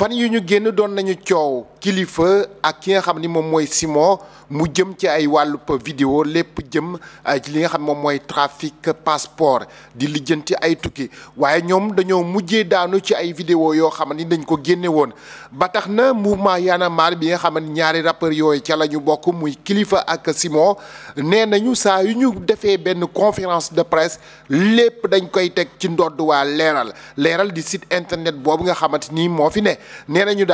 fan yu ñu génn doon nañu coow kilifa ak ki nga xam ni moom mooy Simon mu jëm ci ay wàllub vidéo lépp jëm euh, ci li nga xam moom mooy trafic passeport di lijjanti ay tukki waaye ñoom dañoo mujjee daanu ci ay vidéo yoo xam ni dañ ko génne woon ba tax na mouvement Y'en a marre bi nga xam ñaari rappeurs yooyu ca la bokk muy kilifa ak Simon nee nañu saa yu ñu defee benn conférence de presse lépp dañ koy teg ci ndodd waa leeral leeral di site internet boobu nga xamante ni moo fi ne nee nañu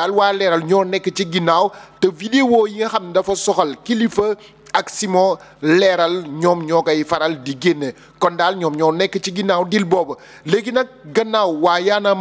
ci ginnaaw te vidéo yi nga xam ne dafa soxal kilifa ak Simon leeral ñoom ñoo koy faral di génne kon daal ñoom ñoo nekk ci ginnaaw dil boobu léegi nag gannaaw waa Y'en a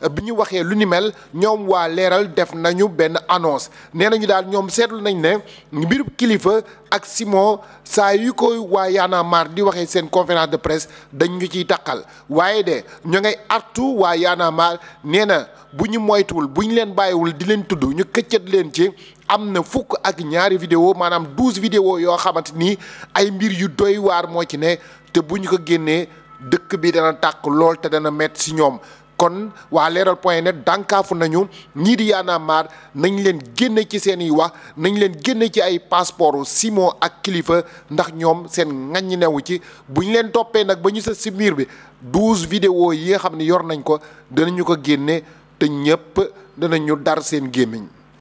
euh, bi ñu waxee lu ni mel ñoom waa leeral def nañu benn annonce nee nañu daal ñoom seetlu nañ ne mbirub kilifa ak Simon saa yu ko waa Y'en a di waxee seen conférence de presse dañu ñu ciy takkal waaye de ñu ngay artu waa Y'en a marre na bu ñu moytuwul bu ñu leen bàyyiwul di leen tudd ñu këccët leen ci am na fukk ak ñaari vidéo maanaam douze vidéo yoo xamante ni ay mbir yu doy waar moo ci ne te bu ñu ko génnee dëkk bi dana tàkk lool te dana metti ci ñoom kon waa leeral point net dànkaafu nañu ñii di Y'en a marre nañ leen génne ci seen i wax nañ leen génne ci ay passeport Simon ak kilifa ndax ñoom seen ŋaññi newu ci bu ñu leen toppee nag ba ñu sa si miir bi douze vidéo yi nga xam ni yor nañ ko danañu ko génnee te ñëpp ñu dar seen gémmiñ